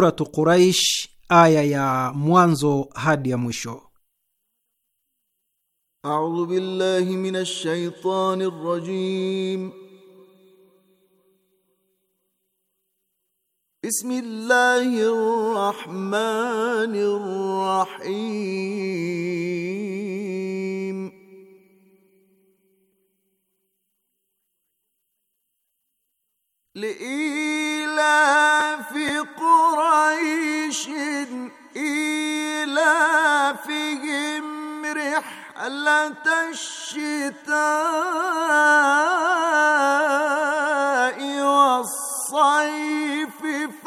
Suratu Quraish aya ya mwanzo hadi ya mwisho. A'udhu billahi minash shaitani rrajim. rajim. Bismillahir rahmanir rahim. لإيلاف قريش إيلافهم رحلة الشتاء والصيف ف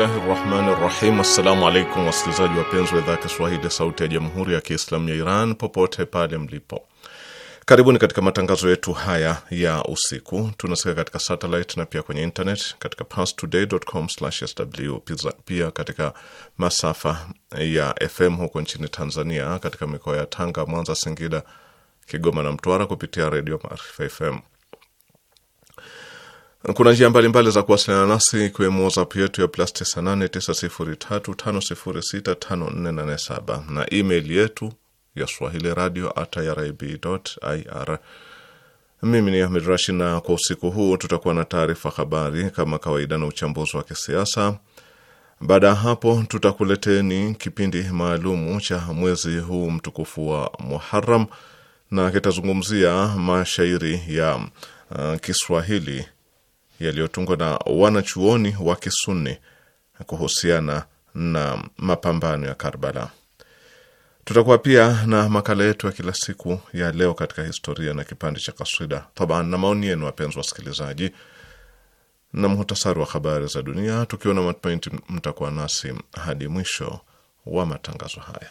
Bismillahi rahmani rahim. Assalamu alaikum wasikilizaji wapenzi wa idhaa ya Kiswahili sauti ya jamhuri ya Kiislamu ya Iran popote pale mlipo, karibuni katika matangazo yetu haya ya usiku. Tunasika katika satellite na pia kwenye internet katika parstoday.com/sw, pia katika masafa ya FM huko nchini Tanzania, katika mikoa ya Tanga, Mwanza, Singida, Kigoma na Mtwara kupitia redio Maarifa FM. Kuna njia mbalimbali za kuwasiliana nasi ikiwemo WhatsApp yetu ya plus 989035065487 na email yetu ya swahili radio at irib.ir. Mimi ni Ahmed Rashid, na kwa usiku huu tutakuwa na taarifa habari kama kawaida na uchambuzi wa kisiasa. Baada ya hapo, tutakuleteni kipindi maalumu cha mwezi huu mtukufu wa Muharram na kitazungumzia mashairi ya uh, Kiswahili yaliyotungwa na wanachuoni wa Kisuni kuhusiana na mapambano ya Karbala. Tutakuwa pia na makala yetu ya kila siku ya leo katika historia na kipande cha kaswida taban na maoni yenu, wapenzi wasikilizaji, na muhtasari wa habari za dunia, tukiwa na matumaini mtakuwa nasi hadi mwisho wa matangazo haya.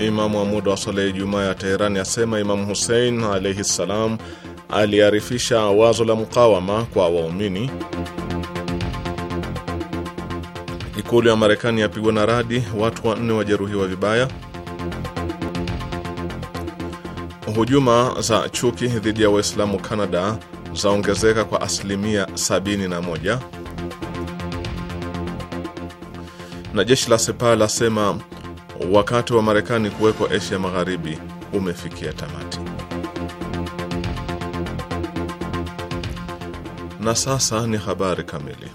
Imamu wa muda wa swala ya Ijumaa ya Teherani asema Imamu Husein alaihi ssalam aliarifisha wazo la mukawama kwa waumini. Ikulu ya Marekani yapigwa na radi, watu wanne wajeruhiwa vibaya. Hujuma za chuki dhidi ya Waislamu Kanada zaongezeka kwa asilimia 71, na jeshi la Sepa lasema wakati wa Marekani kuwekwa Asia Magharibi umefikia tamati. Na sasa ni habari kamili.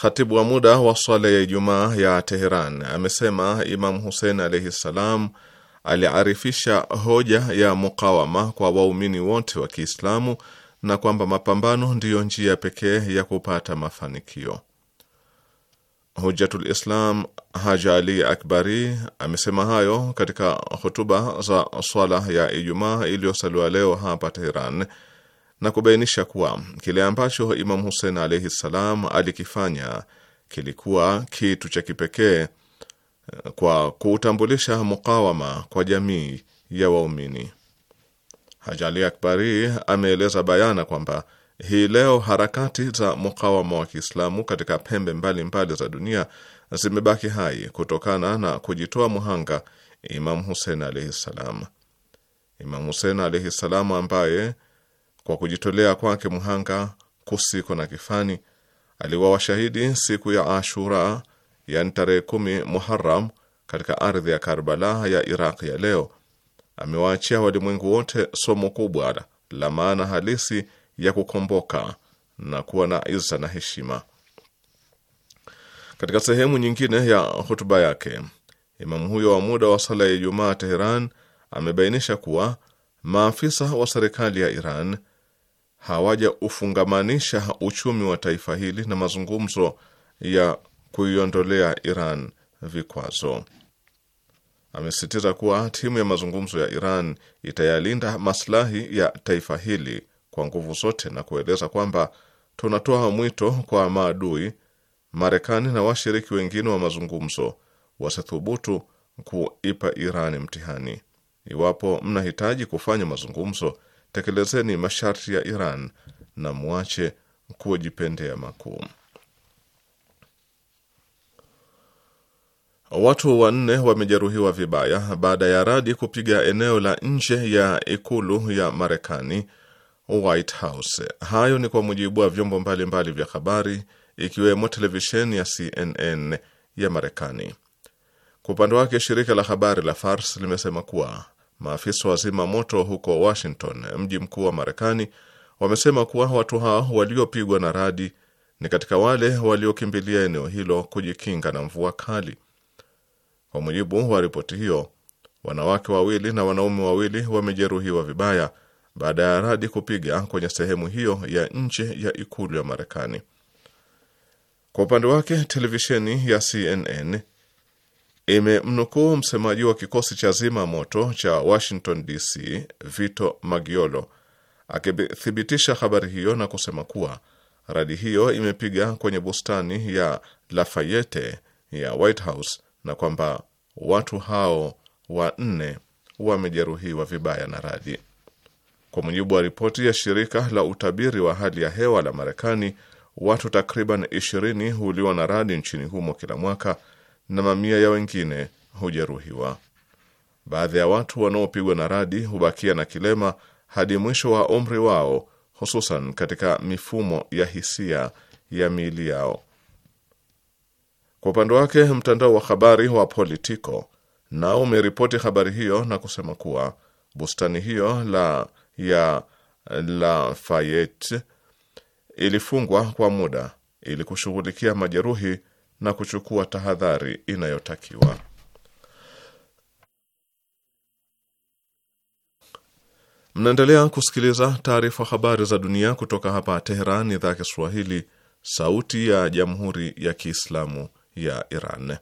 Khatibu wa muda wa swala ya Ijumaa ya Teheran amesema Imamu Husein alaihi ssalam aliarifisha hoja ya mukawama kwa waumini wote wa Kiislamu na kwamba mapambano ndiyo njia pekee ya kupata mafanikio. Hujatul Islam Haja Ali Akbari amesema hayo katika hotuba za swala ya Ijumaa iliyosaliwa leo hapa Teheran na kubainisha kuwa kile ambacho Imam Hussein alaihi ssalam alikifanya kilikuwa kitu cha kipekee eh, kwa kuutambulisha mukawama kwa jamii ya waumini. Haja Ali Akbari ameeleza bayana kwamba hii leo harakati za mukawama wa Kiislamu katika pembe mbalimbali mbali za dunia zimebaki hai kutokana na kujitoa muhanga Imam Hussein alaihi salam. Imam Hussein alaihi salam, ambaye kwa kujitolea kwake muhanga kusiko na kifani aliwa washahidi siku ya Ashura, yani tarehe kumi Muharram, katika ardhi ya Karbala ya Iraq ya leo, amewaachia walimwengu wote somo kubwa la maana halisi ya kukomboka na kuwa na iza na heshima. Katika sehemu nyingine ya hotuba yake, imamu huyo wa muda wa sala ya Ijumaa Teheran amebainisha kuwa maafisa wa serikali ya Iran hawajaufungamanisha uchumi wa taifa hili na mazungumzo ya kuiondolea Iran vikwazo. Amesisitiza kuwa timu ya mazungumzo ya Iran itayalinda maslahi ya taifa hili kwa nguvu zote na kueleza kwamba tunatoa mwito kwa maadui Marekani na washiriki wengine wa mazungumzo wasithubutu kuipa Irani mtihani. Iwapo mnahitaji kufanya mazungumzo, tekelezeni masharti ya Iran na mwache kujipendea makuu. Watu wanne wamejeruhiwa vibaya baada ya radi kupiga eneo la nje ya ikulu ya Marekani White House. Hayo ni kwa mujibu wa vyombo mbalimbali vya habari ikiwemo televisheni ya CNN ya Marekani. Kwa upande wake, shirika la habari la Fars limesema kuwa maafisa wa zima moto huko Washington, mji mkuu wa Marekani, wamesema kuwa watu hao waliopigwa na radi ni katika wale waliokimbilia eneo hilo kujikinga na mvua kali. Kwa mujibu wa ripoti hiyo, wanawake wawili na wanaume wawili wamejeruhiwa vibaya baada ya radi kupiga kwenye sehemu hiyo ya nje ya ikulu ya Marekani. Kwa upande wake, televisheni ya CNN imemnukuu msemaji wa kikosi cha zima moto cha Washington DC, Vito Magiolo, akithibitisha habari hiyo na kusema kuwa radi hiyo imepiga kwenye bustani ya Lafayette ya White House na kwamba watu hao wanne wamejeruhiwa vibaya na radi. Kwa mujibu wa ripoti ya shirika la utabiri wa hali ya hewa la Marekani, watu takriban 20 huuliwa na radi nchini humo kila mwaka na mamia ya wengine hujeruhiwa. Baadhi ya watu wanaopigwa na radi hubakia na kilema hadi mwisho wa umri wao, hususan katika mifumo ya hisia ya miili yao. Kwa upande wake, mtandao wa habari wa Politico nao umeripoti habari hiyo na kusema kuwa bustani hiyo la ya Lafayette ilifungwa kwa muda ili kushughulikia majeruhi na kuchukua tahadhari inayotakiwa. Mnaendelea kusikiliza taarifa habari za dunia kutoka hapa Teheran, idhaa ya Kiswahili, sauti ya jamhuri ya kiislamu ya Iran.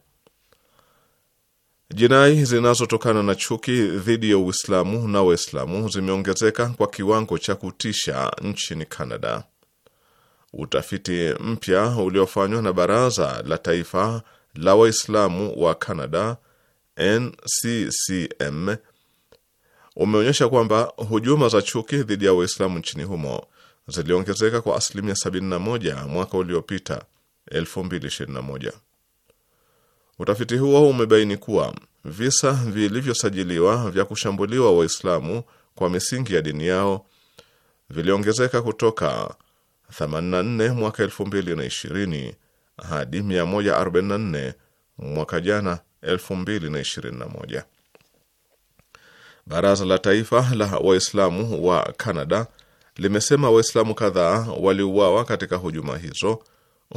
Jinai zinazotokana na chuki dhidi ya Uislamu na Waislamu zimeongezeka kwa kiwango cha kutisha nchini canada Utafiti mpya uliofanywa na Baraza la Taifa la Waislamu wa canada NCCM umeonyesha kwamba hujuma za chuki dhidi ya Waislamu nchini humo ziliongezeka kwa asilimia 71 mwaka uliopita 2021. Utafiti huo umebaini kuwa visa vilivyosajiliwa vya kushambuliwa Waislamu kwa misingi ya dini yao viliongezeka kutoka 84 mwaka 2020 hadi 144 mwaka jana 2021. Baraza la Taifa la Waislamu wa Kanada limesema Waislamu kadhaa waliuawa katika hujuma hizo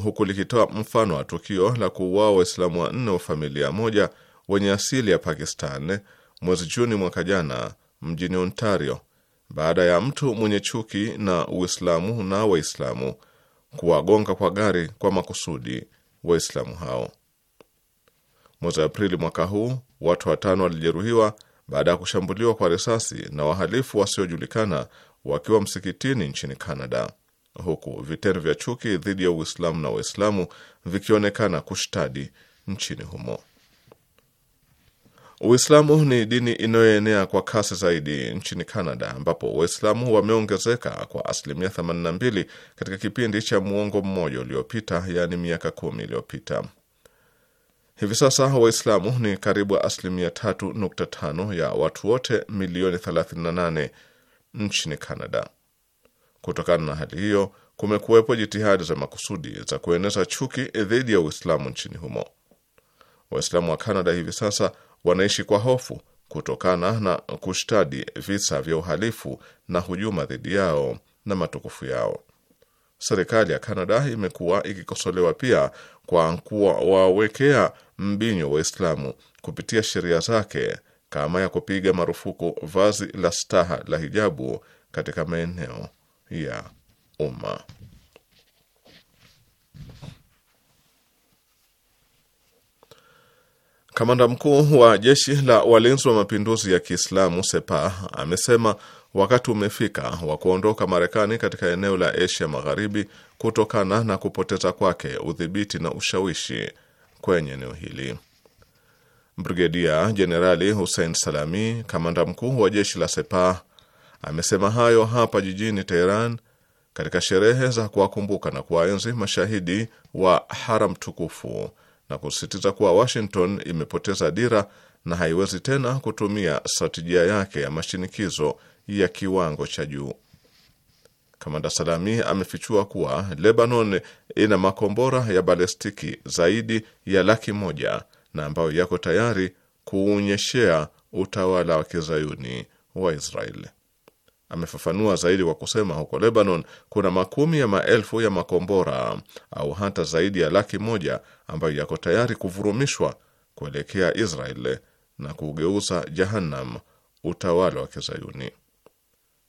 huku likitoa mfano wa tukio la kuuawa Waislamu wanne wa familia moja wenye asili ya Pakistan mwezi Juni mwaka jana mjini Ontario baada ya mtu mwenye chuki na Uislamu na Waislamu kuwagonga kwa gari kwa makusudi Waislamu hao. Mwezi Aprili mwaka huu watu watano walijeruhiwa baada ya kushambuliwa kwa risasi na wahalifu wasiojulikana wakiwa msikitini nchini Canada huku vitendo vya chuki dhidi ya Uislamu na Waislamu vikionekana kushtadi nchini humo. Uislamu ni dini inayoenea kwa kasi zaidi nchini Canada, ambapo Waislamu wameongezeka kwa asilimia 82 katika kipindi cha muongo mmoja uliopita, yaani miaka kumi iliyopita. Hivi sasa Waislamu ni karibu asilimia 3.5 ya watu wote milioni 38 nchini Canada. Kutokana na hali hiyo, kumekuwepo jitihadi za makusudi za kueneza chuki dhidi ya Uislamu nchini humo. Waislamu wa Kanada hivi sasa wanaishi kwa hofu kutokana na kushtadi visa vya uhalifu na hujuma dhidi yao na matukufu yao. Serikali ya Kanada imekuwa ikikosolewa pia kwa kuwawekea mbinyo Waislamu kupitia sheria zake kama ya kupiga marufuku vazi la staha la hijabu katika maeneo ya umma. Kamanda mkuu wa jeshi la walinzi wa mapinduzi ya Kiislamu Sepah amesema wakati umefika wa kuondoka Marekani katika eneo la Asia Magharibi kutokana na kupoteza kwake udhibiti na ushawishi kwenye eneo hili. Brigedia Jenerali Hussein Salami, kamanda mkuu wa jeshi la Sepah, Amesema hayo hapa jijini Teheran katika sherehe za kuwakumbuka na kuwaenzi mashahidi wa haram tukufu na kusisitiza kuwa Washington imepoteza dira na haiwezi tena kutumia stratejia yake ya mashinikizo ya kiwango cha juu. Kamanda Salami amefichua kuwa Lebanon ina makombora ya balestiki zaidi ya laki moja na ambayo yako tayari kuunyeshea utawala wa kizayuni wa Israeli. Amefafanua zaidi kwa kusema huko Lebanon kuna makumi ya maelfu ya makombora au hata zaidi ya laki moja ambayo yako tayari kuvurumishwa kuelekea Israel na kugeuza jahannam utawala wa Kizayuni.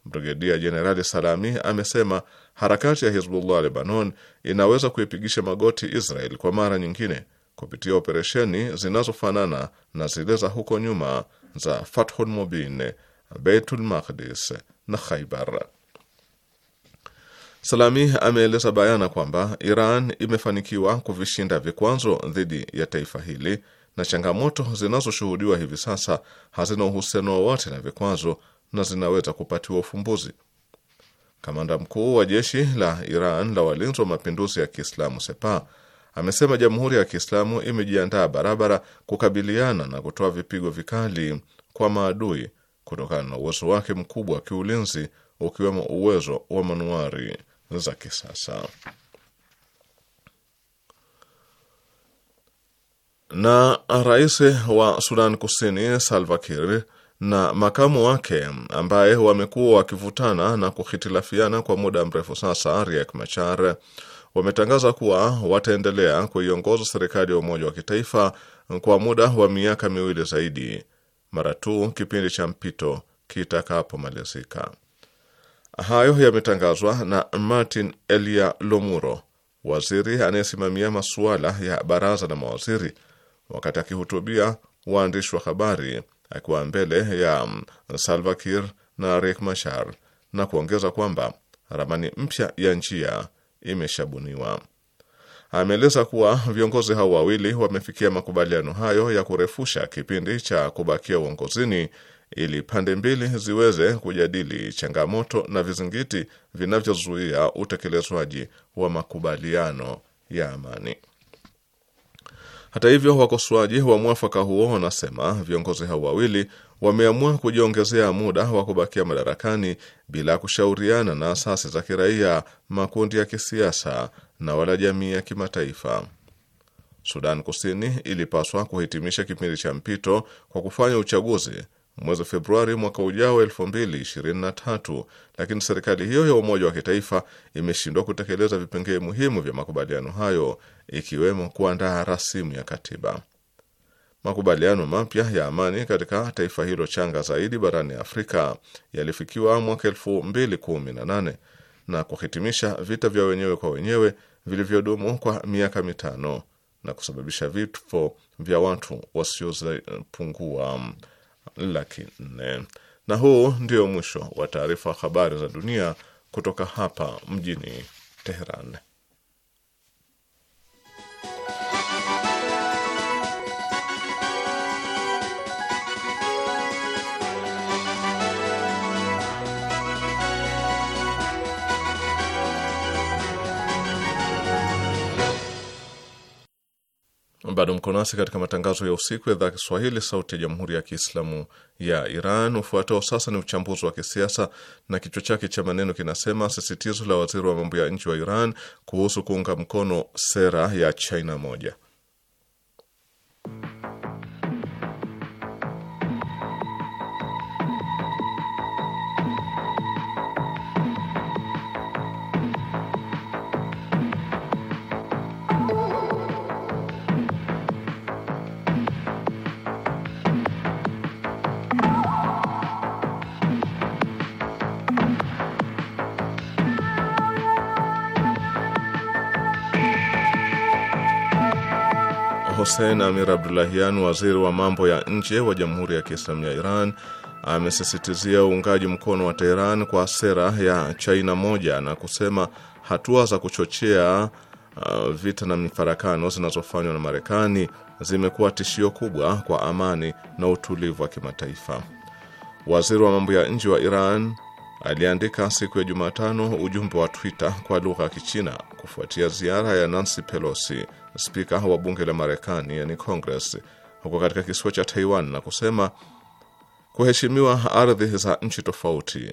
Brigedia Jenerali Salami amesema harakati ya Hizbullah Lebanon inaweza kuipigisha magoti Israel kwa mara nyingine kupitia operesheni zinazofanana na zile za huko nyuma za Fathul Mubin, Beitul Maqdis na Khaibar. Salami ameeleza bayana kwamba Iran imefanikiwa kuvishinda vikwazo dhidi ya taifa hili na changamoto zinazoshuhudiwa hivi sasa hazina uhusiano wowote na vikwazo na zinaweza kupatiwa ufumbuzi. Kamanda mkuu wa jeshi la Iran la walinzi wa mapinduzi ya Kiislamu Sepa amesema jamhuri ya Kiislamu imejiandaa barabara kukabiliana na kutoa vipigo vikali kwa maadui kutokana na uwezo wake mkubwa wa kiulinzi ukiwemo uwezo wa manuari za kisasa. Na rais wa Sudan Kusini Salva Kiir na makamu wake ambaye wamekuwa wakivutana na kuhitilafiana kwa muda mrefu sasa, Riek Machar wametangaza kuwa wataendelea kuiongoza serikali ya umoja wa kitaifa kwa muda wa miaka miwili zaidi mara tu kipindi cha mpito kitakapomalizika. Hayo yametangazwa na Martin Elia Lomuro, waziri anayesimamia masuala ya baraza la mawaziri, wakati akihutubia waandishi wa habari akiwa mbele ya mm, Salva Kiir na Riek Machar, na kuongeza kwamba ramani mpya ya njia imeshabuniwa. Ameeleza kuwa viongozi hao wawili wamefikia makubaliano hayo ya kurefusha kipindi cha kubakia uongozini ili pande mbili ziweze kujadili changamoto na vizingiti vinavyozuia utekelezwaji wa makubaliano ya amani. Hata hivyo, wakosoaji wa mwafaka huo wanasema viongozi hao wawili wameamua kujiongezea muda wa kubakia madarakani bila kushauriana na asasi za kiraia, makundi ya kisiasa na wala jamii ya kimataifa. Sudan Kusini ilipaswa kuhitimisha kipindi cha mpito kwa kufanya uchaguzi mwezi Februari mwaka ujao 2023, lakini serikali hiyo ya umoja wa kitaifa imeshindwa kutekeleza vipengee muhimu vya makubaliano hayo, ikiwemo kuandaa rasimu ya katiba. Makubaliano mapya ya amani katika taifa hilo changa zaidi barani Afrika yalifikiwa mwaka elfu mbili kumi na nane na kuhitimisha vita vya wenyewe kwa wenyewe vilivyodumu kwa miaka mitano na kusababisha vifo vya watu wasiozipungua laki nne. Na huu ndio mwisho wa taarifa habari za dunia kutoka hapa mjini Teheran. Bado mko nasi katika matangazo ya usiku ya idhaa Kiswahili sauti ya jamhuri ya Kiislamu ya Iran. Ufuatao sasa ni uchambuzi wa kisiasa na kichwa chake cha maneno kinasema sisitizo la waziri wa mambo ya nchi wa Iran kuhusu kuunga mkono sera ya China moja. Hussein Amir Abdullahian, waziri wa mambo ya nje wa Jamhuri ya Kiislamu ya Iran, amesisitizia uungaji mkono wa Teheran kwa sera ya China moja na kusema hatua za kuchochea uh, vita na mifarakano zinazofanywa na Marekani zimekuwa tishio kubwa kwa amani na utulivu wa kimataifa. Waziri wa mambo ya nje wa Iran aliandika siku ya Jumatano ujumbe wa Twitter kwa lugha ya Kichina kufuatia ziara ya Nancy Pelosi spika wa bunge la Marekani yani Congress huko katika kisiwa cha Taiwan na kusema kuheshimiwa ardhi za nchi tofauti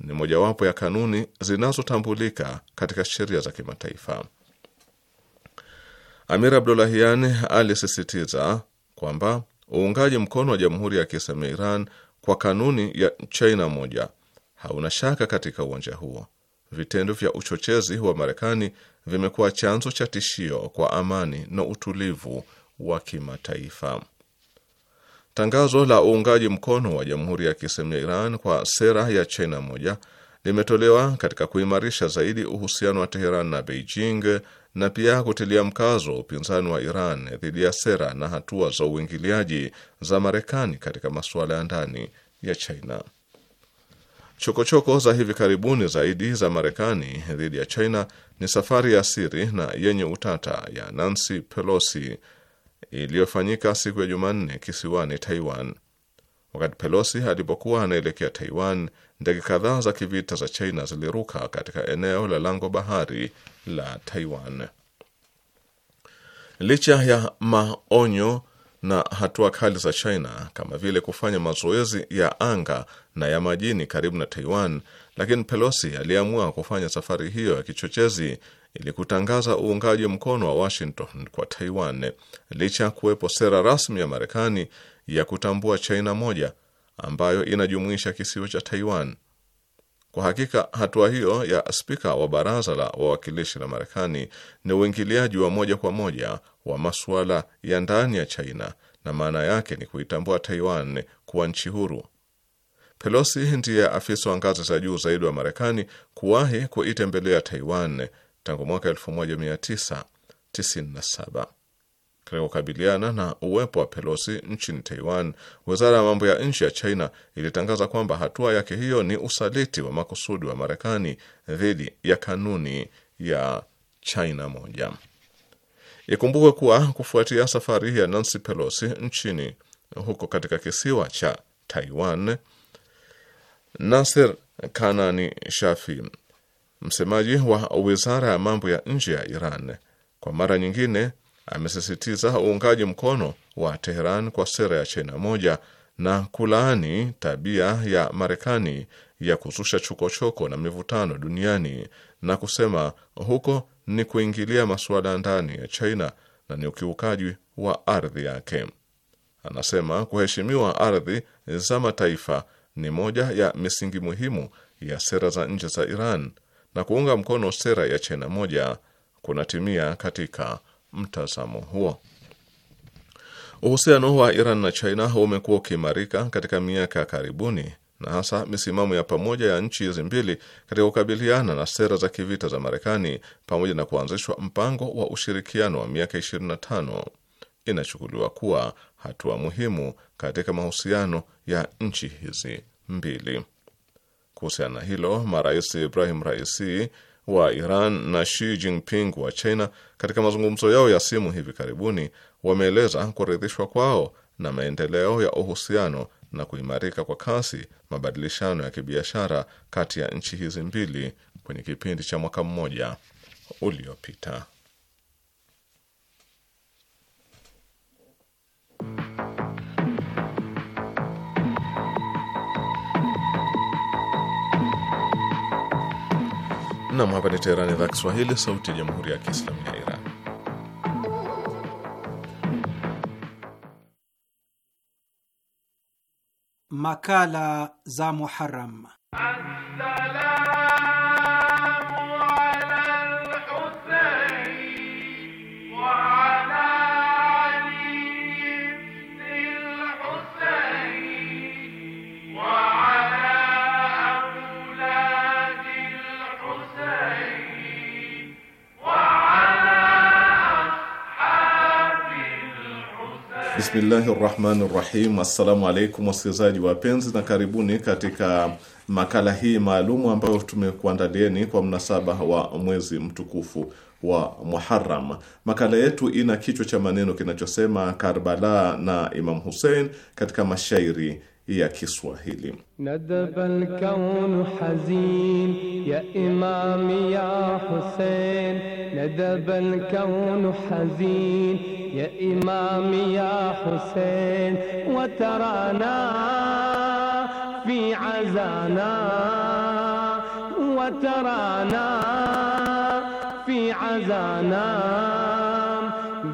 ni mojawapo ya kanuni zinazotambulika katika sheria za kimataifa. Amir Abdulahian alisisitiza kwamba uungaji mkono wa Jamhuri ya Kiislamu ya Iran kwa kanuni ya China moja hauna shaka katika uwanja huo vitendo vya uchochezi wa Marekani vimekuwa chanzo cha tishio kwa amani na utulivu wa kimataifa. Tangazo la uungaji mkono wa Jamhuri ya Kiislamu ya Iran kwa sera ya China moja limetolewa katika kuimarisha zaidi uhusiano wa Teheran na Beijing na pia kutilia mkazo upinzani wa Iran dhidi ya sera na hatua za uingiliaji za Marekani katika masuala ya ndani ya China. Chokochoko za hivi karibuni zaidi za Marekani dhidi ya China ni safari ya siri na yenye utata ya Nancy Pelosi iliyofanyika siku ya Jumanne kisiwani Taiwan. Wakati Pelosi alipokuwa anaelekea Taiwan, ndege kadhaa za kivita za China ziliruka katika eneo la lango bahari la Taiwan. Licha ya maonyo na hatua kali za China kama vile kufanya mazoezi ya anga na ya majini karibu na Taiwan, lakini Pelosi aliamua kufanya safari hiyo ya kichochezi ili kutangaza uungaji mkono wa Washington kwa Taiwan licha ya kuwepo sera rasmi ya Marekani ya kutambua China moja ambayo inajumuisha kisiwa cha Taiwan. Kwa hakika hatua hiyo ya spika wa baraza la wawakilishi la Marekani ni uingiliaji wa moja kwa moja wa masuala ya ndani ya China na maana yake ni kuitambua Taiwan kuwa nchi huru. Pelosi ndiye afisa wa ngazi za juu zaidi wa Marekani kuwahi kuitembelea Taiwan tangu mwaka 1997. Katika kukabiliana na uwepo wa Pelosi nchini Taiwan, wizara ya mambo ya nchi ya China ilitangaza kwamba hatua yake hiyo ni usaliti wa makusudi wa Marekani dhidi ya kanuni ya China moja. Ikumbukwe kuwa kufuatia safari ya Nancy Pelosi nchini huko katika kisiwa cha Taiwan, Nasir Kanani Shafi, msemaji wa wizara ya mambo ya nje ya Iran, kwa mara nyingine amesisitiza uungaji mkono wa Teheran kwa sera ya China moja na kulaani tabia ya Marekani ya kuzusha chokochoko na mivutano duniani na kusema huko ni kuingilia masuala ndani ya China na ni ukiukaji wa ardhi yake. Anasema kuheshimiwa ardhi za mataifa ni moja ya misingi muhimu ya sera za nje za Iran na kuunga mkono sera ya China moja kunatimia katika mtazamo huo. Uhusiano wa Iran na China umekuwa ukiimarika katika miaka ya karibuni na hasa misimamo ya pamoja ya nchi hizi mbili katika kukabiliana na sera za kivita za Marekani pamoja na kuanzishwa mpango wa ushirikiano wa miaka 25 inachukuliwa kuwa hatua muhimu katika mahusiano ya nchi hizi mbili. Kuhusiana na hilo, marais Ibrahim Raisi wa Iran na Xi Jinping wa China katika mazungumzo yao ya simu hivi karibuni wameeleza kuridhishwa kwao na maendeleo ya uhusiano na kuimarika kwa kasi mabadilishano ya kibiashara kati ya nchi hizi mbili kwenye kipindi cha mwaka mmoja uliopita. Nam, hapa ni Teherani, idhaa Kiswahili, sauti ya jamhuri ya kiislamu ya Iran. Makala za Muharram. Bismillahi rahmani rahim. Assalamu alaikum wasikilizaji wapenzi, na karibuni katika makala hii maalumu ambayo tumekuandalieni kwa mnasaba wa mwezi mtukufu wa Muharram. Makala yetu ina kichwa cha maneno kinachosema Karbala na Imam Hussein katika mashairi ya Kiswahili. Nadabal kaunu hazin ya ya Hussein, nadabal kaunu hazin يا إمام يا حسين وترانا في عزانا وترانا في عزانا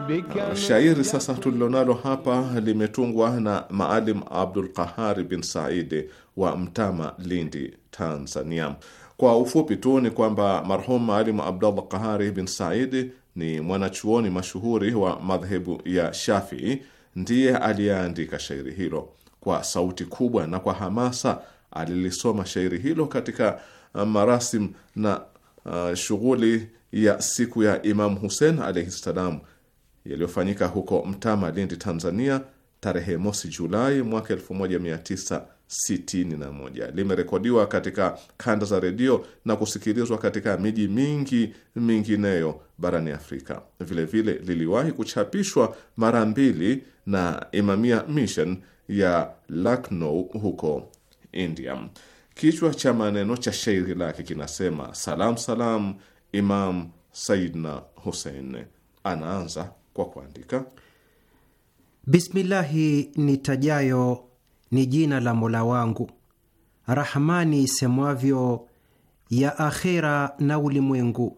bika. Ah, shairi sasa tulilonalo hapa limetungwa na Maalim Abdul Qahari bin Saidi wa Mtama, Lindi, Tanzania. Kwa ufupi tu ni kwamba marhum Maalim Abdullah Qahari bin Saidi ni mwanachuoni mashuhuri wa madhehebu ya Shafii, ndiye aliyeandika shairi hilo. Kwa sauti kubwa na kwa hamasa alilisoma shairi hilo katika uh, marasim na uh, shughuli ya siku ya imam Hussein alaihi ssalam yaliyofanyika huko Mtama, Lindi, Tanzania, tarehe mosi Julai mwaka 19 61. Limerekodiwa katika kanda za redio na kusikilizwa katika miji mingi mingineyo barani Afrika. Vilevile vile, liliwahi kuchapishwa mara mbili na Imamia Mission ya Lucknow huko India. Kichwa cha maneno cha shairi lake kinasema: salam salam Imam Saidna Hussein. Anaanza kwa kuandika bismillahi nitajayo ni jina la Mola wangu. Rahmani isemwavyo ya akhera na ulimwengu.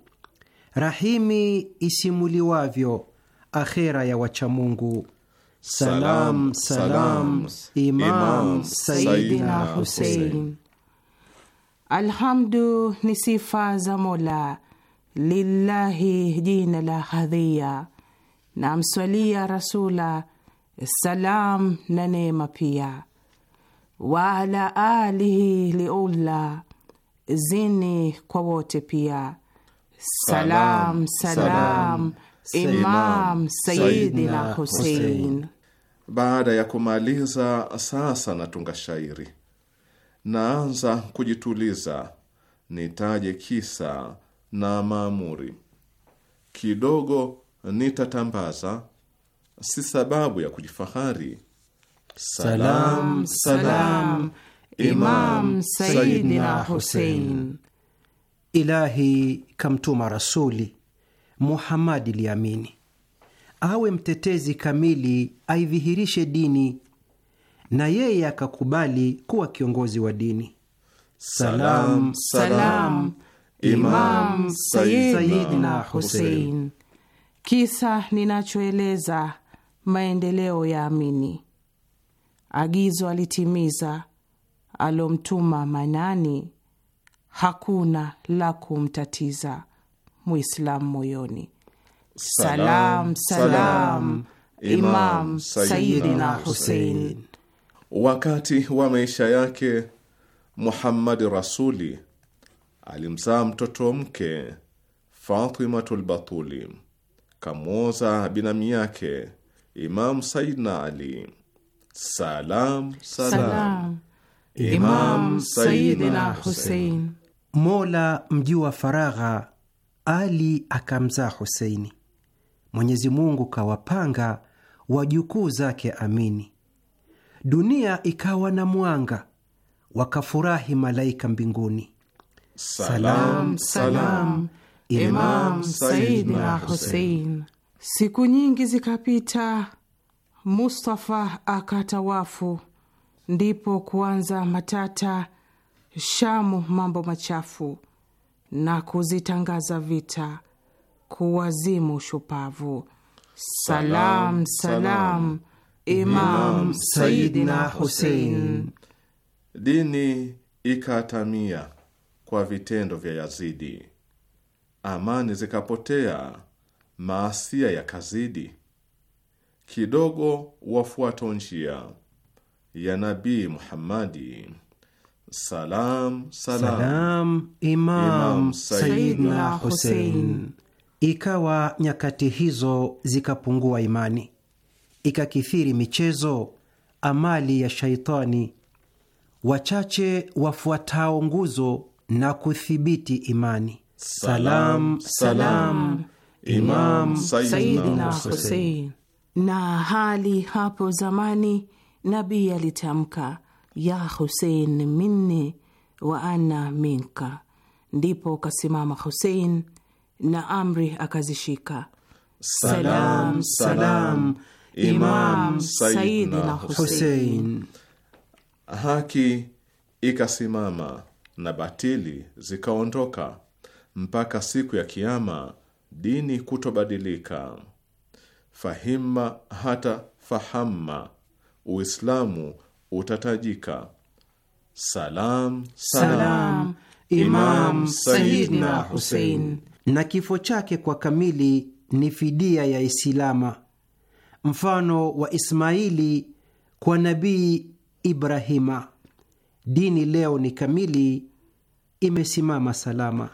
Rahimi isimuliwavyo akhera ya wachamungu. Salam, salam, Imam Saidina Husein. Alhamdu ni sifa za Mola, lillahi jina la hadhia, namswalia rasula, salam na neema pia wa ala alihi liulla, zini kwa wote pia. Salam salam, salam Imam Sayidina Husein. Baada ya kumaliza sasa, natunga shairi, naanza kujituliza, nitaje kisa na maamuri kidogo, nitatambaza, si sababu ya kujifahari Salam salam Imam Sayidina Husein. Ilahi kamtuma rasuli Muhammadi liamini awe mtetezi kamili, aidhihirishe dini na yeye akakubali kuwa kiongozi wa dini. Salam salam Imam Sayidina Husein. Kisa ninachoeleza maendeleo ya amini agizo alitimiza alomtuma Manani, hakuna la kumtatiza Muislamu moyoni. Salam salam, salam Imam Sayidina Husein. Wakati wa maisha yake Muhammad Rasuli alimzaa mtoto mke Fatimatul Batuli, kamwoza binamu yake Imam Sayidina Ali Salam, salam, salam. Imam Sayyidina Husein. Mola mjua faragha, Ali akamzaa Huseini. Mwenyezi Mungu kawapanga wajukuu zake amini. Dunia ikawa na mwanga, wakafurahi malaika mbinguni. Salam, salam, Imam Sayyidina Husein. Siku nyingi zikapita Mustafa akatawafu, ndipo kuanza matata Shamu, mambo machafu na kuzitangaza vita, kuwazimu shupavu. Salam, salam, Imam Saidina Husein. Dini ikatamia kwa vitendo vya Yazidi, amani zikapotea, maasia yakazidi kidogo wafuato njia ya Nabii Muhammadi salam, salam, salam Imam, Imam Saidna Husein. Ikawa nyakati hizo zikapungua imani, ikakithiri michezo, amali ya shaitani, wachache wafuatao nguzo na kuthibiti imani. Salam, salam, salam Imam Saidna Husein na hali hapo zamani nabii alitamka ya Husein minni wa ana minka, ndipo kasimama Husein na amri akazishika. Salam salam Imam Saidina Husein. Haki ikasimama na batili zikaondoka, mpaka siku ya Kiama dini kutobadilika fahima hata fahamma, Uislamu utatajika. Salam, salam, salam Imam Sayidna Husein. Na kifo chake kwa kamili ni fidia ya Isilama, mfano wa Ismaili kwa Nabii Ibrahima. Dini leo ni kamili, imesimama salama.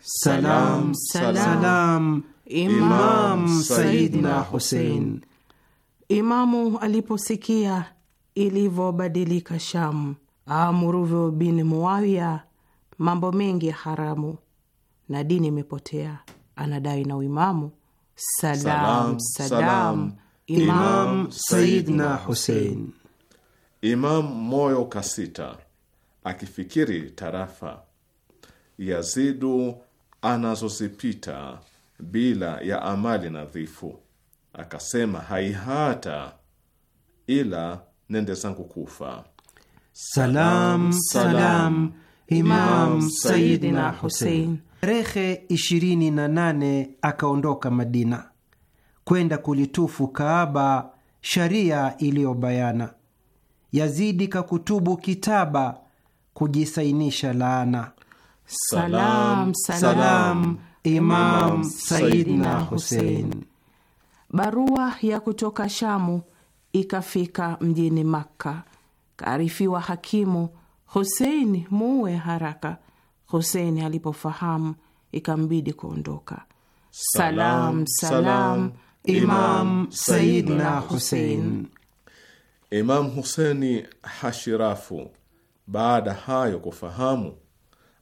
Salam, salam, salam. Imam Saidna Husein. Imamu aliposikia ilivyobadilika Shamu, amuruvyo bin Muawiya mambo mengi ya haramu na dini imepotea, anadai na uimamu. Salam, salam, salam, Imam Saidna Husein. Imam moyo kasita akifikiri tarafa Yazidu anazozipita bila ya amali nadhifu, akasema haihata, ila nende zangu kufa. Salam, salam Imam Sayidina Husein. Tarehe 28 akaondoka Madina kwenda kulitufu Kaaba, sharia iliyobayana. Yazidi kakutubu kitaba kujisainisha laana. Salam, salam, salam. Imam Saidna Husein. Barua ya kutoka Shamu ikafika mjini Makka. Kaarifiwa hakimu, Husein muue haraka. Husein alipofahamu ikambidi kuondoka. Salam, salam, Imam Saidna Husein. Imam Huseni hashirafu baada hayo kufahamu,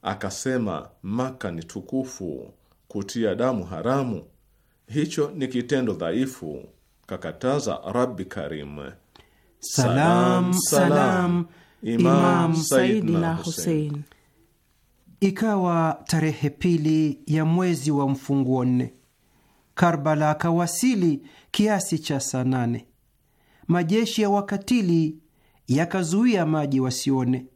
akasema Maka ni tukufu kutia damu haramu, hicho ni kitendo dhaifu, kakataza Rabbi Karim. Salam, salam, salam Imam Ikawa tarehe pili ya mwezi wa mfunguo nne, Karbala akawasili kiasi cha saa nane. Majeshi ya wakatili yakazuia maji wasione.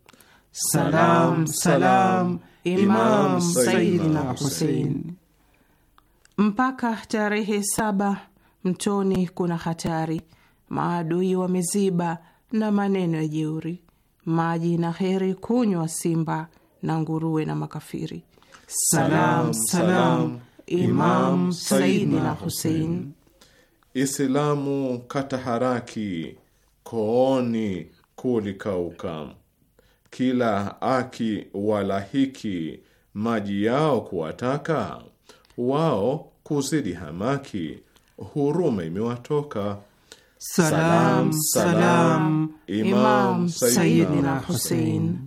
Salam, salam, Imam mpaka tarehe saba mtoni kuna hatari, maadui wameziba na maneno ya jeuri, maji na heri kunywa simba na nguruwe na makafiri. Salam salam, Imam Saidi na Husein. Islamu kataharaki, kooni kulikauka, kila aki wala hiki, maji yao kuwataka wao kuzidi hamaki, huruma imewatoka. Salam, salam, Imam Sayyidina Husein.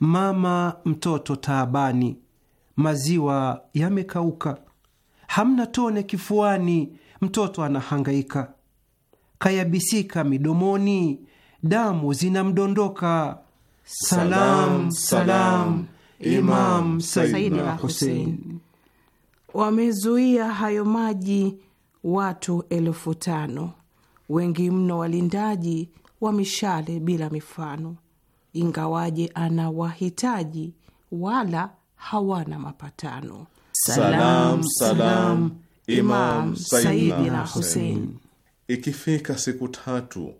Mama mtoto taabani, maziwa yamekauka, hamna tone kifuani, mtoto anahangaika, kayabisika midomoni, damu zinamdondoka. Salam, salam, Imam Sayyidina Husein wamezuia hayo maji watu elfu tano, wengi mno walindaji wa mishale bila mifano, ingawaje ana wahitaji wala hawana mapatano. Salam salam Imam Saidina Husein. Ikifika siku tatu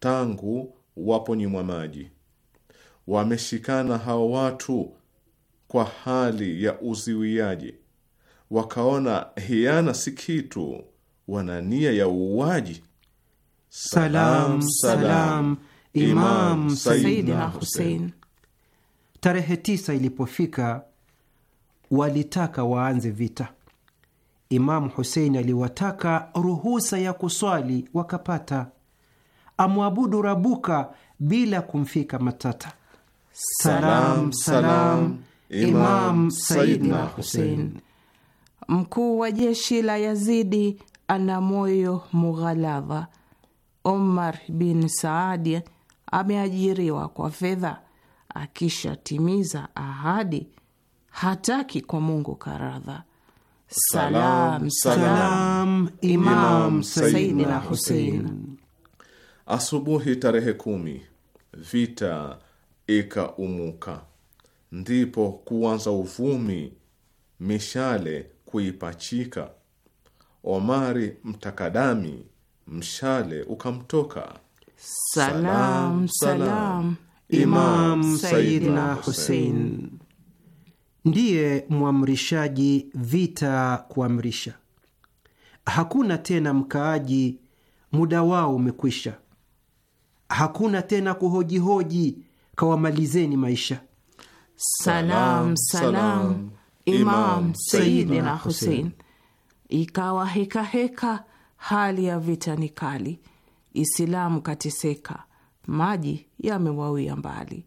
tangu wapo nyumwa maji, wameshikana hao watu kwa hali ya uziwiaji wakaona hiana si kitu, wana nia ya uuaji. Salam, salam Imam Saidina Husein. Tarehe tisa ilipofika, walitaka waanze vita. Imamu Husein aliwataka ruhusa ya kuswali, wakapata. Amwabudu Rabuka bila kumfika matata. Salam, salam Imam Saidina Husein. Mkuu wa jeshi la Yazidi ana moyo mughalava. Omar bin Saadi ameajiriwa kwa fedha, akishatimiza ahadi hataki kwa Mungu karadha. Salam, salam, salam, Imam Saidina Husein. Asubuhi tarehe kumi, vita ikaumuka, ndipo kuanza uvumi, mishale kuipachika. Omari mtakadami mshale ukamtoka. Salam, salam, salam. Imam Saidina Husein ndiye mwamrishaji vita kuamrisha, hakuna tena mkaaji, muda wao umekwisha. Hakuna tena kuhojihoji, kawamalizeni maisha. Salam, salam, salam. Imam Saidina Husein. Ikawa hekaheka heka, hali ya vita ni kali, Isilamu katiseka maji yamewawia mbali,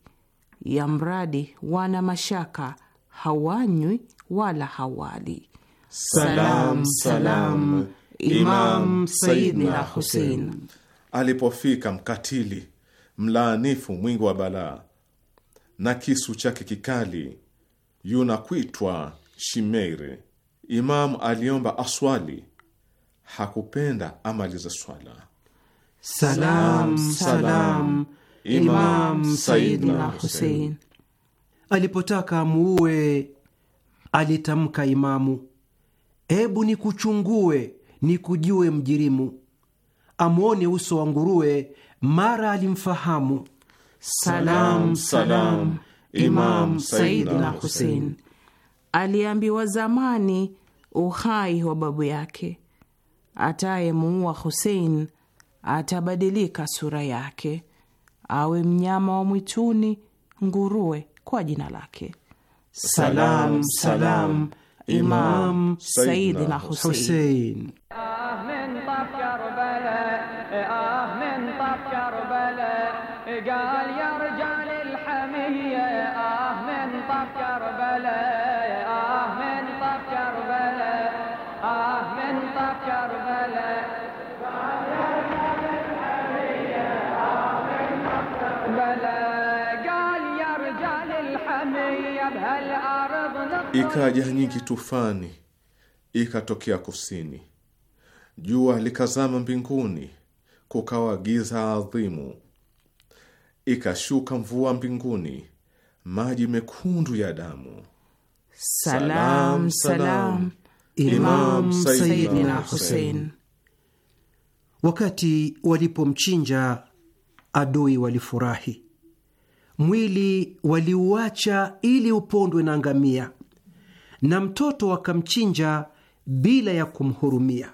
ya mradi wana mashaka, hawanywi wala hawali. Salam salam, Imam Saidina Husein alipofika mkatili mlaanifu mwingi wa balaa na kisu chake kikali yunakwitwa Shimeiri. Imamu aliomba aswali, hakupenda amalize swala. Salam, salam Imam Saidna Husein. Alipotaka muue, alitamka imamu, hebu nikuchungue, nikujue mjirimu, amwone uso wa nguruwe. Mara alimfahamu. Salam, salam Imam Saidna Husein aliambiwa zamani uhai wa babu yake, atayemuua Husein atabadilika sura yake awe mnyama wa mwituni, nguruwe kwa jina lake. Salam salam, Imam Said na Husein. Ikaja nyingi tufani, ikatokea kusini, jua likazama mbinguni, kukawa giza adhimu ikashuka mvua mbinguni, maji mekundu ya damu. Salam, salam, Imam Saidina Husein. Wakati walipomchinja adui walifurahi, mwili waliuacha ili upondwe na ngamia, na mtoto wakamchinja bila ya kumhurumia.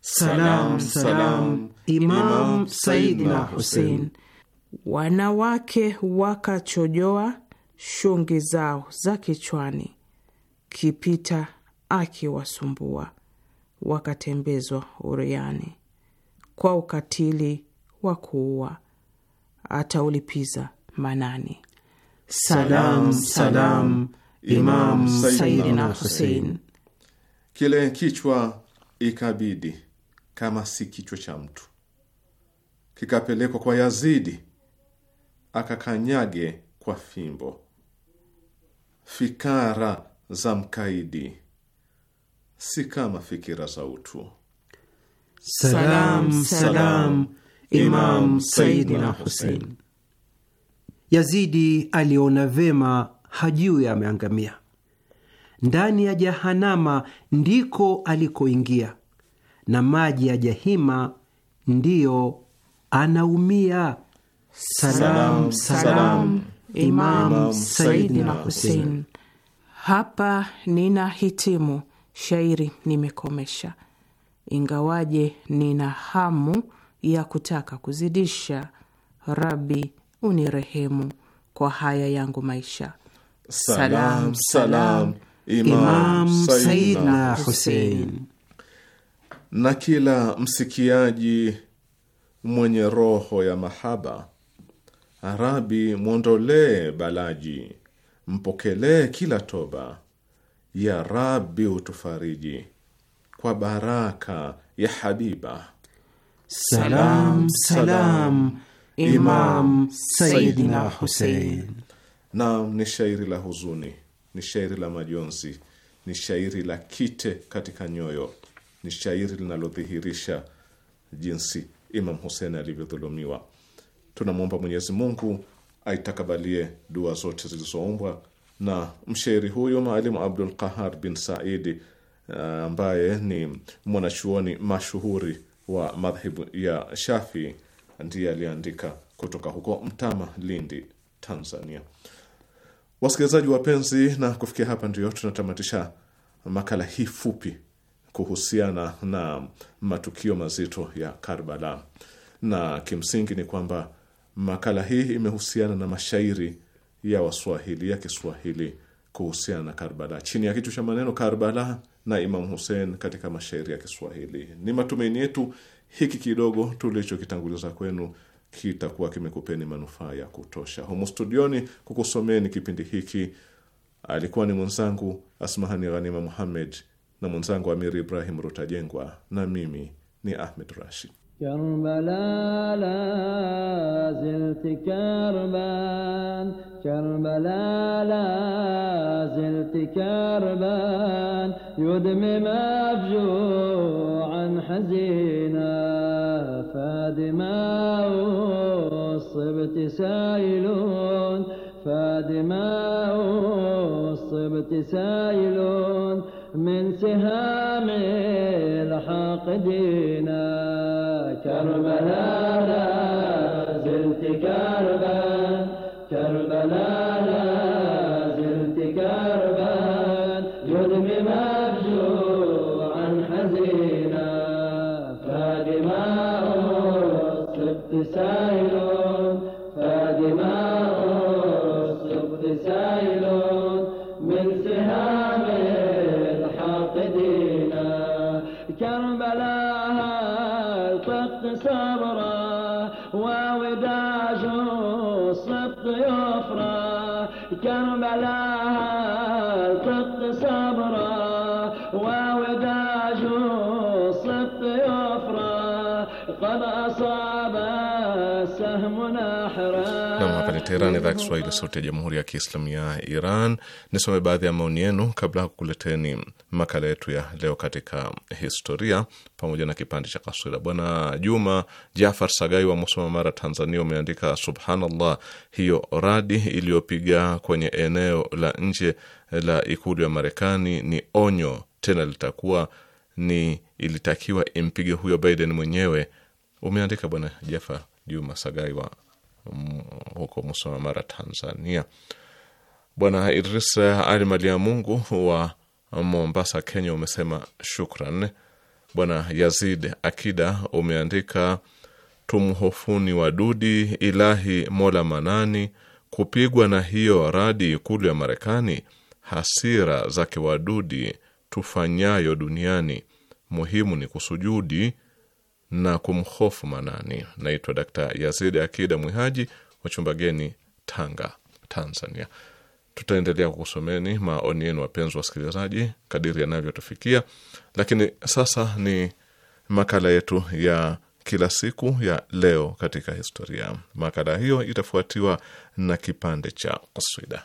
Salam, salam, Imam Saidina Husein. Wanawake wakachojoa shungi zao za kichwani, kipita akiwasumbua, wakatembezwa uriani kwa ukatili wa kuua, ataulipiza Manani. Salam, salam, Imam Saidina Husein. Kile kichwa ikabidi kama si kichwa cha mtu kikapelekwa kwa Yazidi akakanyage kwa fimbo. Fikara za mkaidi si kama fikira za utu. Salam, salam Imam Saidina Husein. Yazidi aliona vema hajui ameangamia. Ndani ya jahanama ndiko alikoingia, na maji ya jahima ndiyo anaumia. Salam, salam Imam Saidi na Husein. Hapa nina hitimu shairi, nimekomesha, ingawaje nina hamu ya kutaka kuzidisha. Rabi unirehemu kwa haya yangu maisha. Salam, salam Imam Saidna Husein. Na kila msikiaji mwenye roho ya mahaba Rabi, mwondolee balaji, mpokelee kila toba. Ya Rabi, utufariji kwa baraka ya habiba. Salam, salam Imam Sayyidina Husein. Naam, ni shairi la huzuni, ni shairi la majonzi, ni shairi la kite katika nyoyo, ni shairi linalodhihirisha jinsi Imam husein alivyodhulumiwa. Tunamwomba Mwenyezi Mungu aitakabalie dua zote zilizoombwa na mshairi huyu Maalim Abdul Qahar bin Saidi eh, ambaye uh, ni mwanachuoni mashuhuri wa madhehebu ya Shafi ndiye aliandika kutoka huko Mtama, Lindi, Tanzania. Wasikilizaji wapenzi, na kufikia hapa ndio tunatamatisha makala hii fupi kuhusiana na matukio mazito ya Karbala, na kimsingi ni kwamba Makala hii imehusiana na mashairi ya Waswahili ya Kiswahili kuhusiana na Karbala chini ya kichwa cha maneno Karbala na Imam Hussein katika mashairi ya Kiswahili. Ni matumaini yetu hiki kidogo tulichokitanguliza kwenu kitakuwa kimekupeni manufaa ya kutosha. Humu studioni kukusomeni kipindi hiki alikuwa ni mwenzangu Asmahani Ghanima Muhammed na mwenzangu Amiri Ibrahim Rutajengwa na mimi ni Ahmed Rashid. كربلا لا زلت كربان كربلا لا زلت كربان يدمي مفجوعا حزينا فادما صبت سائلون فادما صبت سائلون من سهام الحاقدين كربلاء لا زلت كربلاء Teheran, idhaa ya Kiswahili, sauti ya jamhuri ya kiislamu ya Iran. Nisome baadhi ya maoni yenu kabla ya kukuleteni makala yetu ya leo katika historia pamoja na kipande cha kaswira. Bwana Juma Jafar Sagai wa Musoma, Mara, Tanzania, umeandika subhanallah, hiyo radi iliyopiga kwenye eneo la nje la ikulu ya Marekani ni onyo, tena litakuwa ni ilitakiwa impige huyo Biden mwenyewe. Umeandika Bwana Jafar Juma Sagai wa Mm, huko Musoma, Mara, Tanzania. Bwana Idris Ali Malia Mungu wa Mombasa, Kenya, umesema shukran. Bwana Yazid Akida umeandika tumhofuni wadudi ilahi mola manani, kupigwa na hiyo radi ikulu ya Marekani, hasira zake wadudi tufanyayo duniani, muhimu ni kusujudi na kumhofu Manani. Naitwa Dakta Yazid Akida Mwihaji wa geni Tanga, Tanzania. Tutaendelea kukusomeni maoni yenu, wapenzi wasikilizaji, kadiri yanavyotufikia, lakini sasa ni makala yetu ya kila siku ya leo katika historia. Makala hiyo itafuatiwa na kipande cha kaswida.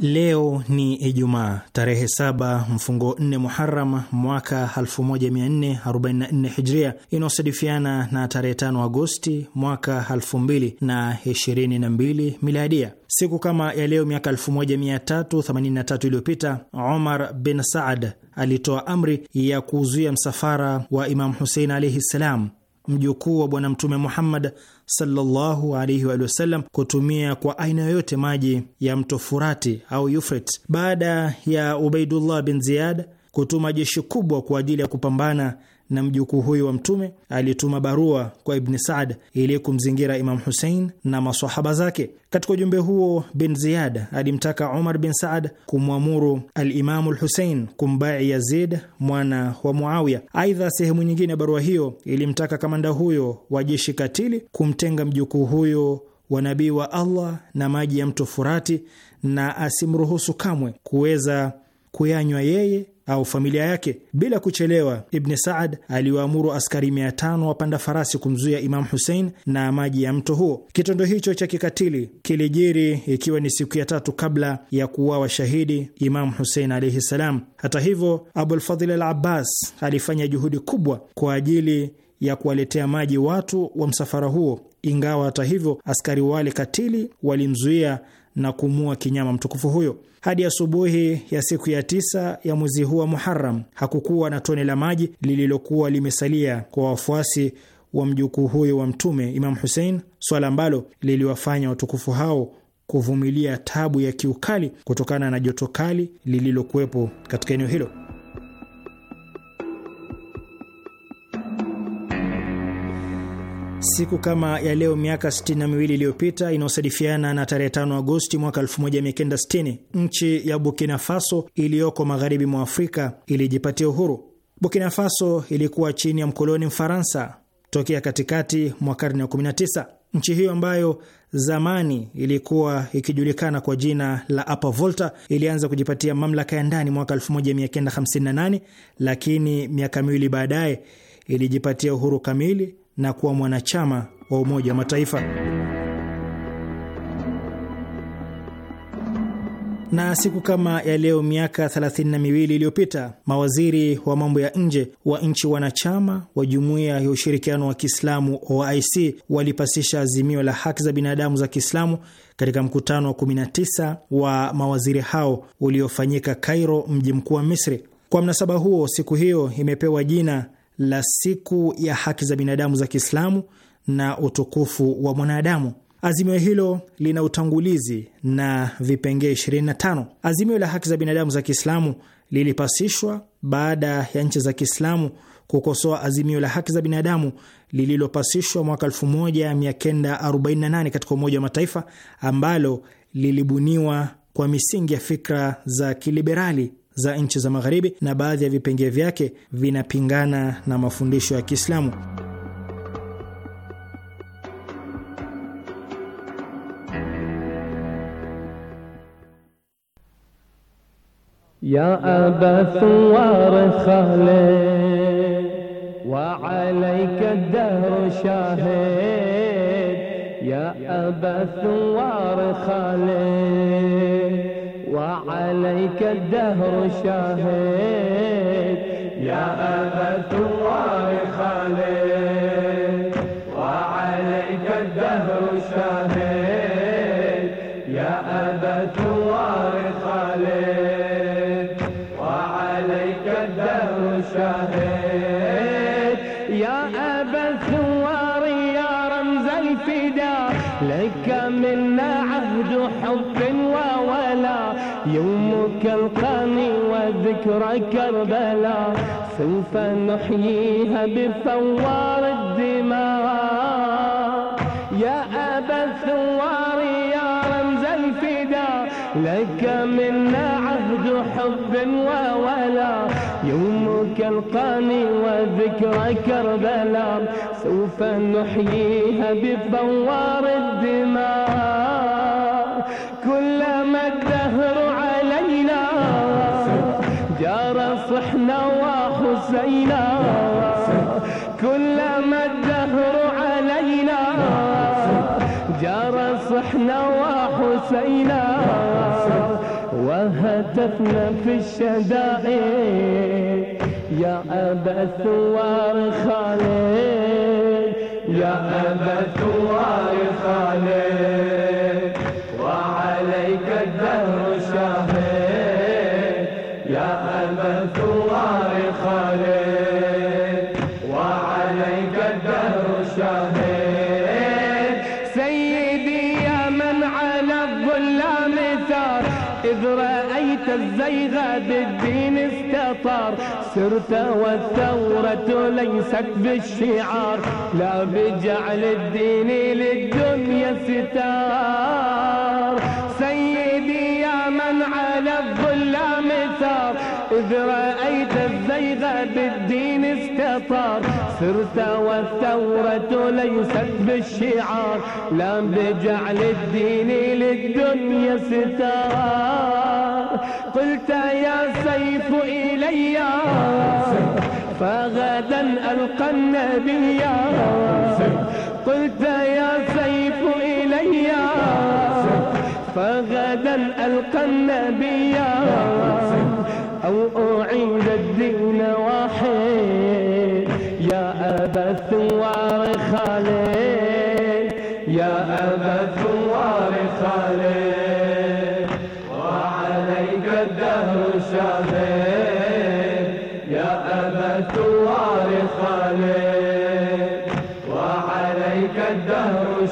Leo ni Ijumaa tarehe 7 mfungo 4 Muharam mwaka 1444 Hijria, inayosadifiana na tarehe 5 Agosti mwaka 2022 Miladia. Siku kama ya leo miaka 1383 iliyopita, Omar bin Saad alitoa amri ya kuzuia msafara wa Imam Husein alaihi ssalam mjukuu wa Bwana Mtume Muhammad sallallahu alaihi wa sallam kutumia kwa aina yoyote maji ya mto Furati au Yufret. Baada ya Ubaidullah bin Ziyad kutuma jeshi kubwa kwa ajili ya kupambana na mjukuu huyo wa Mtume alituma barua kwa Ibni Saad ili kumzingira Imamu Husein na masahaba zake. Katika ujumbe huo, Bin Ziyad alimtaka Umar bin Saad kumwamuru Alimamu Lhusein kumbai Yazid mwana wa Muawiya. Aidha, sehemu nyingine ya barua hiyo ilimtaka kamanda huyo wa jeshi katili kumtenga mjukuu huyo wa nabii wa Allah na maji ya mto Furati na asimruhusu kamwe kuweza kuyanywa yeye au familia yake. Bila kuchelewa, Ibni Saad aliwaamuru askari mia tano wapanda farasi kumzuia Imamu Husein na maji ya mto huo. Kitendo hicho cha kikatili kilijiri ikiwa ni siku ya tatu kabla ya kuuawa shahidi Imamu Husein alaihi salam. Hata hivyo, Abulfadhil al Abbas alifanya juhudi kubwa kwa ajili ya kuwaletea maji watu wa msafara huo, ingawa hata hivyo askari wale katili walimzuia na kumua kinyama mtukufu huyo. Hadi asubuhi ya siku ya tisa ya mwezi huu wa muharam hakukuwa na tone la maji lililokuwa limesalia kwa wafuasi wa mjukuu huyo wa Mtume Imam Husein, swala ambalo liliwafanya watukufu hao kuvumilia tabu ya kiukali kutokana na joto kali lililokuwepo katika eneo hilo. Siku kama ya leo miaka 62 iliyopita inayosadifiana na tarehe 5 Agosti mwaka 1960 nchi ya Burkina Faso iliyoko magharibi mwa Afrika ilijipatia uhuru. Burkina Faso ilikuwa chini ya mkoloni Mfaransa tokea katikati mwa karne ya 19. Nchi hiyo ambayo zamani ilikuwa ikijulikana kwa jina la Upper Volta ilianza kujipatia mamlaka ya ndani mwaka 1958, lakini miaka miwili baadaye ilijipatia uhuru kamili na kuwa mwanachama wa Umoja wa Mataifa. Na siku kama ya leo miaka thelathini na miwili iliyopita mawaziri wa mambo ya nje wa nchi wanachama wa Jumuiya ya Ushirikiano wa Kiislamu OIC walipasisha azimio la haki za binadamu za Kiislamu katika mkutano wa 19 wa mawaziri hao uliofanyika Cairo, mji mkuu wa Misri. Kwa mnasaba huo, siku hiyo imepewa jina la siku ya haki za binadamu za Kiislamu na utukufu wa mwanadamu. Azimio hilo lina utangulizi na vipengee 25. Azimio la haki za binadamu za Kiislamu lilipasishwa baada ya nchi za Kiislamu kukosoa azimio la haki za binadamu lililopasishwa mwaka 1948 katika Umoja wa Mataifa ambalo lilibuniwa kwa misingi ya fikra za kiliberali za nchi za Magharibi, na baadhi ya vipengee vyake vinapingana na mafundisho ya Kiislamu. Ya wa alayka shahid, Ya عليك الدهر شاهد يا أبا ثوار خالد كربلا سوف نحييها بثوار الدماء يا أبا الثوار يا رمز الفداء لك منا عهد حب وولا يومك القاني وذكرى كربلاء سوف نحييها بثوار الدماء كلما ادى علينا كلما الدهر علينا جرى صحنا وحسينا وهتفنا في الشدائد يا أبا الثوار خالد يا أبا الثوار خالد سرت والثورة ليست بالشعار لا بجعل الدين للدنيا ستار سيدي يا من على الظلام ثار إذ رأيت الزيغة بالدين استطار سرت والثورة ليست بالشعار لا بجعل الدين للدنيا ستار قلت يا سيف إلي فغدا ألقى النبي قلت يا سيف إلي فغدا ألقى النبي أو أعيد الدين واحد يا أبا الثوار خالد يا أبا الثوار خالد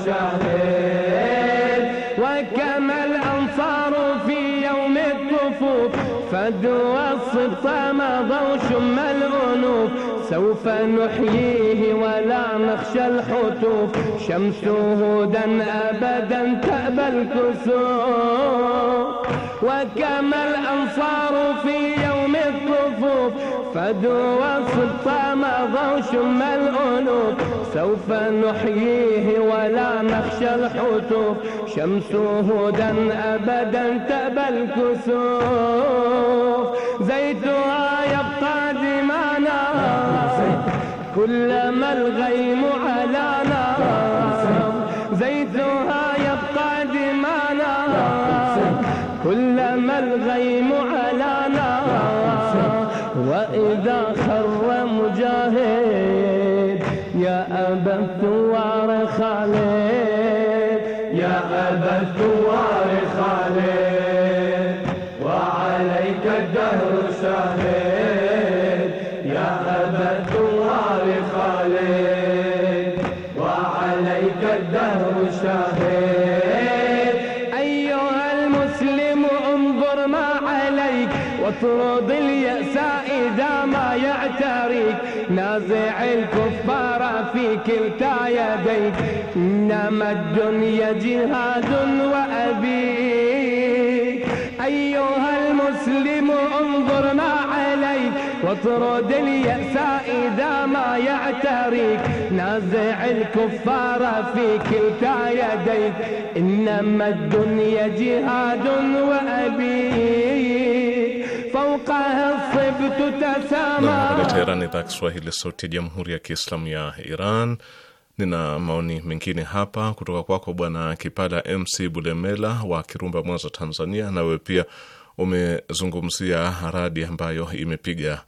شهيد وكما الأنصار في يوم الطفوف فدوا الصبط مضوا شم الأنوف سوف نحييه ولا نخشى الحتوف شمس هدى أبدا تأبى الكسوف وكما الأنصار في يوم الطفوف فدوا وسط مضوا شم الألوف سوف نحييه ولا نخشى الحتوف شمس هدى أبدا تبى الكسوف زيتها يبقى زمانا كلما الغيم على الدنيا جهاد وأبي أيها المسلم انظر ما عليك واطرد اليأس إذا ما يعتريك نازع الكفار في كلتا يديك إنما الدنيا جهاد وأبي Nam, تسامى Kiswahili sauti ya Jamhuri ya Kiislamu يا إيران Nina maoni mengine hapa kutoka kwako Bwana Kipala MC Bulemela wa Kirumba, Mwanza, Tanzania. Nawe pia umezungumzia radi ambayo imepiga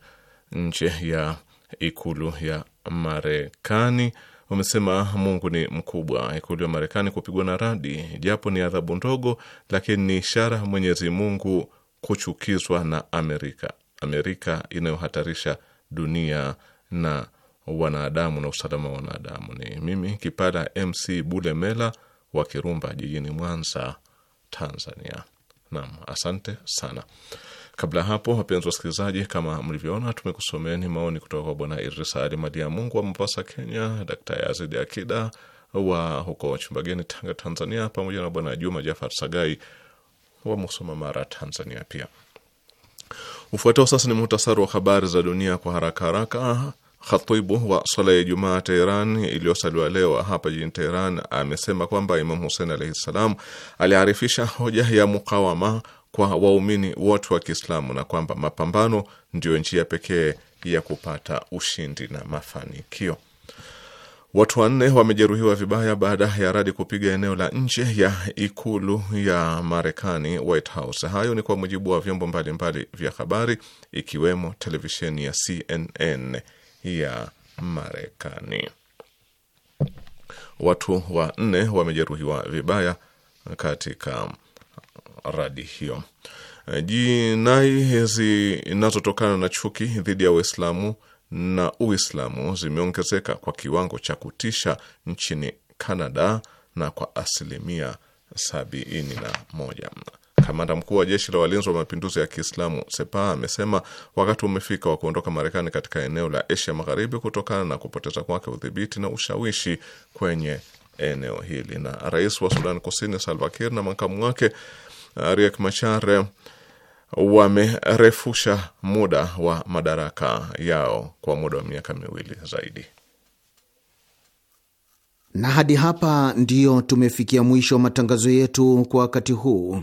nje ya ikulu ya Marekani. Umesema Mungu ni mkubwa. Ikulu ya Marekani kupigwa na radi, japo ni adhabu ndogo, lakini ni ishara Mwenyezi Mungu kuchukizwa na Amerika, Amerika inayohatarisha dunia na wanadamu na usalama wa wanadamu. Ni mimi Kipala MC Bulemela wa Kirumba jijini Mwanza, Tanzania. Naam, asante sana. Kabla hapo, wapenzi wasikilizaji, kama mlivyoona, tumekusomeni maoni kutoka kwa Bwana Irisa Ali Mali ya Mungu wa Mombasa, Kenya, Dkt. Yazidi Akida wa huko Chumbageni, Tanga, Tanzania, pamoja na Bwana Juma Jafar Sagai wa Musoma, Mara, Tanzania. Pia ufuatao sasa ni muhtasari wa habari za dunia kwa haraka haraka. Khatibu wa swala ya Ijumaa Teheran iliyosaliwa leo hapa jijini Teheran amesema kwamba Imam Husein alaihi ssalam aliarifisha hoja ya mukawama kwa waumini wote wa Kiislamu na kwamba mapambano ndiyo njia pekee ya kupata ushindi na mafanikio. Watu wanne wamejeruhiwa vibaya baada ya radi kupiga eneo la nje ya ikulu ya Marekani, White House. Hayo ni kwa mujibu wa vyombo mbalimbali vya habari ikiwemo televisheni ya CNN ya Marekani. Watu wanne wamejeruhiwa vibaya katika radi hiyo. Jinai zinazotokana na chuki dhidi ya Waislamu na Uislamu zimeongezeka kwa kiwango cha kutisha nchini Kanada na kwa asilimia sabini na moja. Kamanda mkuu wa jeshi la walinzi wa mapinduzi ya Kiislamu sepa amesema wakati umefika wa kuondoka Marekani katika eneo la Asia Magharibi kutokana na kupoteza kwake udhibiti na ushawishi kwenye eneo hili. Na rais wa Sudan Kusini Salva Kiir na makamu wake uh, Riek Machar wamerefusha muda wa madaraka yao kwa muda wa miaka miwili zaidi. Na hadi hapa ndiyo tumefikia mwisho wa matangazo yetu kwa wakati huu.